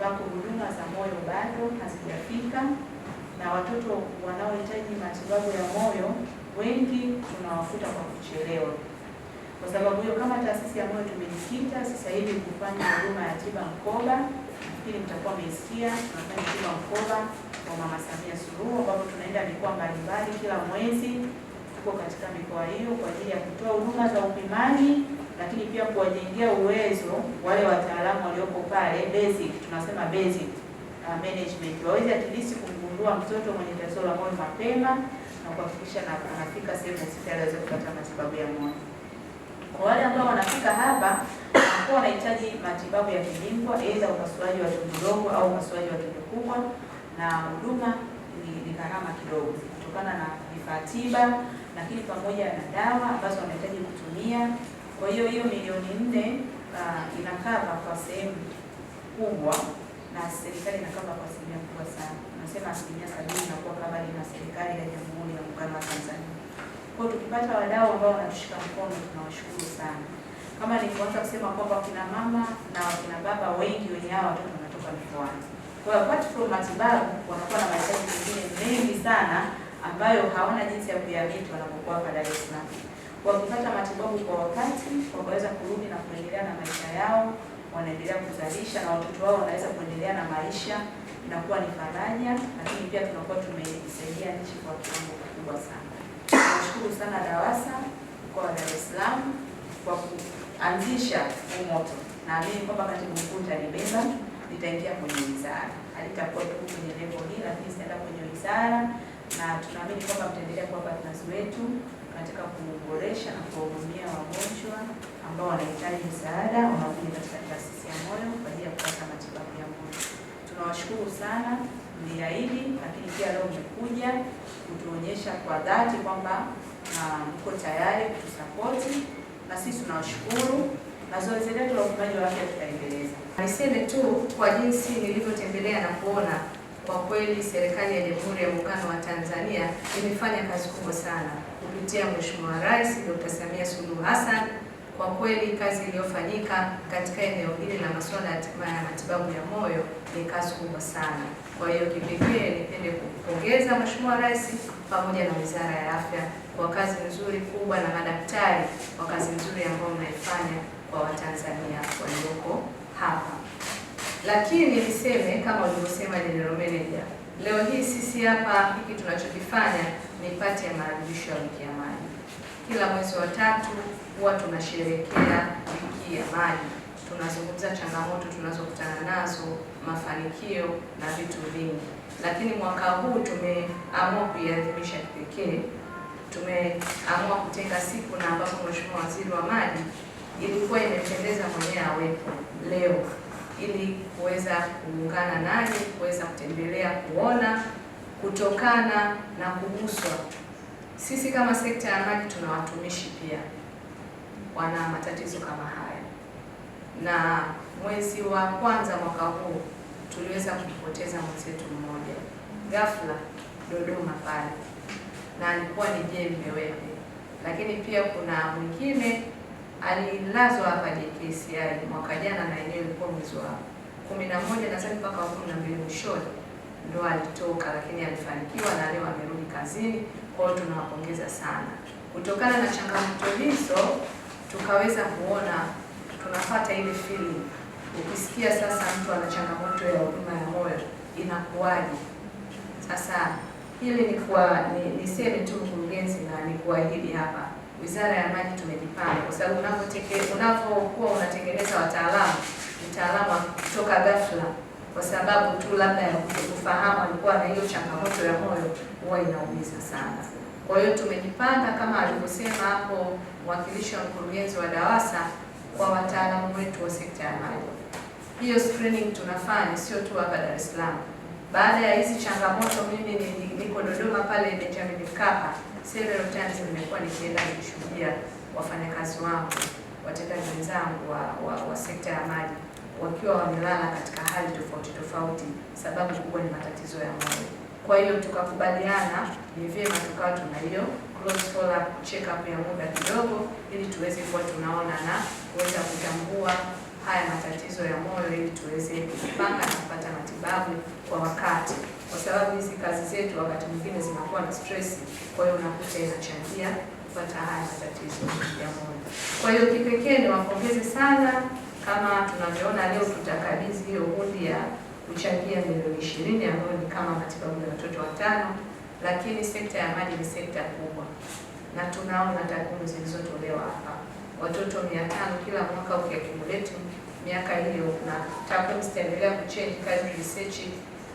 ambako huduma za moyo bado hazijafika na watoto wanaohitaji matibabu ya moyo wengi tunawafuta kwa kuchelewa. Kwa sababu hiyo, kama taasisi ya moyo tumejikita sasa hivi kufanya huduma ya tiba mkoba, lakini mtakuwa mmesikia tunafanya tiba mkoba kwa Mama Samia Suluhu, ambapo tunaenda mikoa mbalimbali kila mwezi, tuko katika mikoa hiyo kwa ajili ya kutoa huduma za upimaji lakini pia kuwajengea uwezo wale wataalamu walioko pale basic, tunasema basic uh, management waweze at least kumgundua mtoto mwenye tatizo la moyo mapema na kuhakikisha na anafika sehemu hospitali aweze kupata matibabu ya moyo. Kwa wale ambao wanafika hapa wanakuwa wanahitaji matibabu ya kibingwa, aidha upasuaji wa tundu dogo au upasuaji wa tundu kubwa, na huduma ni, ni gharama kidogo kutokana na vifaa tiba, lakini pamoja na dawa ambazo wanahitaji kutumia kwa hiyo hiyo milioni nne uh, inakava kwa sehemu kubwa na serikali inakava kwa asilimia kubwa sana, unasema asilimia sabini inakuwa covered na serikali ya Jamhuri ya Muungano wa Tanzania. Kwa hiyo tukipata wadau ambao wanatushika mkono tunawashukuru sana. Kama nilivyoanza kusema kwamba wakina mama na wakina baba wengi wenye hao watoto wanatoka mikoani, kwa hiyo apart from matibabu wanakuwa na mahitaji mengine mengi sana ambayo hawana jinsi ya kuyamiti wanapokuwa hapa Dar es Salaam kwa kupata matibabu kwa wakati, kwa kuweza kurudi na kuendelea na maisha yao, wanaendelea kuzalisha na watoto wao wanaweza kuendelea na maisha, na kuwa ni faraja, lakini pia tunakuwa tumeisaidia nchi kwa kiwango kikubwa sana. Nashukuru sana DAWASA mkoa wa Dar es Salaam kwa kuanzisha huu moto. Naamini kwamba katibu mkuu ntalibeba, nitaingia kwenye wizara, halitakuwa tu kwenye level hii, lakini sitaenda kwenye wizara, na tunaamini kwamba mtaendelea kuwa nazi wetu katika kuboresha na kuwahudumia wagonjwa ambao wanahitaji msaada wanaokuja katika taasisi ya moyo kwa ajili ya kupata matibabu ya moyo. Tunawashukuru sana, mliahidi, lakini pia leo mmekuja kutuonyesha kwa dhati kwamba ah, mko tayari kutusapoti, na sisi tunawashukuru, na zoezi letu la upimaji wa afya tutaendeleza. Niseme tu kwa jinsi nilivyotembelea na kuona kwa kweli serikali ya Jamhuri ya Muungano wa Tanzania imefanya kazi kubwa sana kupitia Mheshimiwa Rais Dr. Samia Suluhu Hassan. Kwa kweli kazi iliyofanyika katika eneo hili la masuala ya matibabu ya moyo ni kazi kubwa sana. Kwa hiyo kipekee nipende kupongeza Mheshimiwa Rais pamoja na Wizara ya Afya kwa kazi nzuri kubwa na madaktari kwa kazi nzuri ambayo mnaifanya kwa Watanzania walioko hapa. Lakini niseme kama ulivyosema general manager, leo hii sisi hapa hiki tunachokifanya ni pati ya maadhimisho ya wiki ya maji. Kila mwezi wa tatu huwa tunasherehekea wiki ya maji, tunazungumza changamoto tunazokutana nazo, mafanikio na vitu vingi, lakini mwaka huu tumeamua kuiadhimisha kipekee. Tumeamua kutenga siku na ambapo Mheshimiwa Waziri wa Maji ilikuwa imependeza mwenyewe awepo leo ili kuweza kuungana naye, kuweza kutembelea, kuona, kutokana na kuguswa. Sisi kama sekta ya maji tuna watumishi pia wana matatizo kama haya, na mwezi wa kwanza mwaka huu tuliweza kumpoteza mwenzetu mmoja ghafla Dodoma pale, na alikuwa ni jembe wewe, lakini pia kuna mwingine alilazwa hapa JKCI mwaka jana na yenyewe ilikuwa mwezi wa kumi na moja nadhani mpaka wa kumi na mbili mwishoni ndo alitoka, lakini alifanikiwa na leo amerudi kazini. Kwa hiyo tunawapongeza sana. Kutokana na changamoto hizo, tukaweza kuona tunapata ile feeling, ukisikia sasa mtu ana changamoto ya huduma ya moyo inakuwaje? Sasa hili ni kwa ni, niseme tu mkurugenzi, na nikuahidi hapa Wizara ya Maji tumejipanga kwa sababu unapokuwa unatengeneza wataalamu, mtaalamu kutoka ghafla kwa sababu tu labda ya kufahamu alikuwa na hiyo changamoto ya moyo, huwa inaumiza sana. Kwa hiyo tumejipanga kama alivyosema hapo mwakilishi wa mkurugenzi wa DAWASA kwa wataalamu wetu wa sekta ya maji. Hiyo screening tunafanya sio tu hapa Dar es Salaam. Baada ya hizi changamoto, mimi niko Dodoma pale Benjamin Mkapa several times nimekuwa nikienda kushuhudia wafanyakazi wangu watendaji wenzangu wa, wa, wa sekta ya maji wakiwa wamelala katika hali tofauti tofauti. Sababu kubwa ni matatizo ya moyo. Kwa hiyo tukakubaliana ni vyema tukawa tuna hiyo close follow up check up ya muda kidogo, ili tuweze kuwa tunaona na kuweza kutambua haya matatizo ya moyo, ili tuweze kupanga na kupata matibabu kwa wakati kwa sababu hizi kazi zetu wakati mwingine zinakuwa na stress, kwa hiyo unakuta inachangia kupata haya matatizo ya moyo. Kwa hiyo kipekee niwapongeze sana, kama tunavyoona leo tutakabidhi hiyo hundi ya kuchangia milioni ishirini ambayo ni kama matibabu ya watoto watano, lakini sekta ya maji ni sekta kubwa na tunaona takwimu zilizotolewa hapa, watoto mia tano kila mwaka ukiakumuleti miaka hiyo, na takwimu zitaendelea kuchange kadri research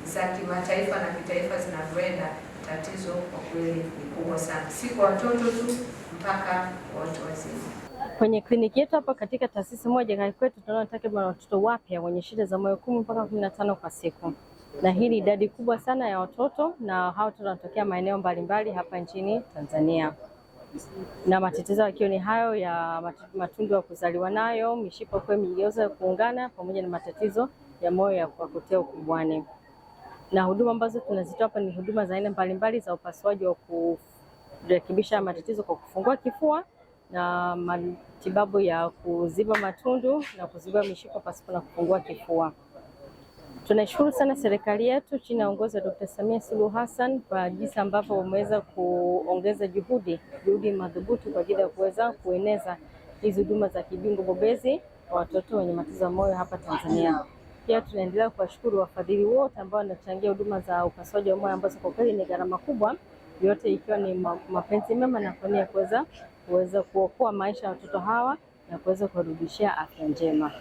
za kimataifa na kitaifa zinavyoenda, tatizo kwa kweli ni kubwa sana, si kwa watoto tu, mpaka kwa watu wazima. Kwenye kliniki yetu hapa katika taasisi moja ya kwetu, tunaona takriban watoto wapya wenye shida za moyo kumi mpaka kumi na tano kwa siku, na hii ni idadi kubwa sana ya watoto, na hao watoto wanatokea maeneo mbalimbali hapa nchini Tanzania na matatizo yakiwa ni hayo ya matundu ya kuzaliwa nayo, mishipa kuwa imegeuza kuungana, pamoja na matatizo ya moyo ya kuwakotea ukubwani na huduma ambazo tunazitoa hapa ni huduma za aina mbalimbali za upasuaji wa kurekebisha matatizo kwa kufungua kifua na matibabu ya kuziba matundu na kuziba mishipa pasipo na kufungua kifua. Tunashukuru sana serikali yetu chini ya uongozi wa Dr. Samia Suluhu Hassan kwa jinsi ambavyo umeweza kuongeza juhudi juhudi madhubuti kwa ajili ya kuweza kueneza hizi huduma za kibingwa bobezi kwa watoto wenye matatizo ya moyo hapa Tanzania. Pia tunaendelea kuwashukuru wafadhili wote ambao wanachangia huduma za upasuaji wa moyo ambazo kwa kweli ni gharama kubwa, yote ikiwa ni mapenzi mema na kwa nia ya kuweza kuweza kuokoa maisha ya watoto hawa na kuweza kuwarudishia afya njema.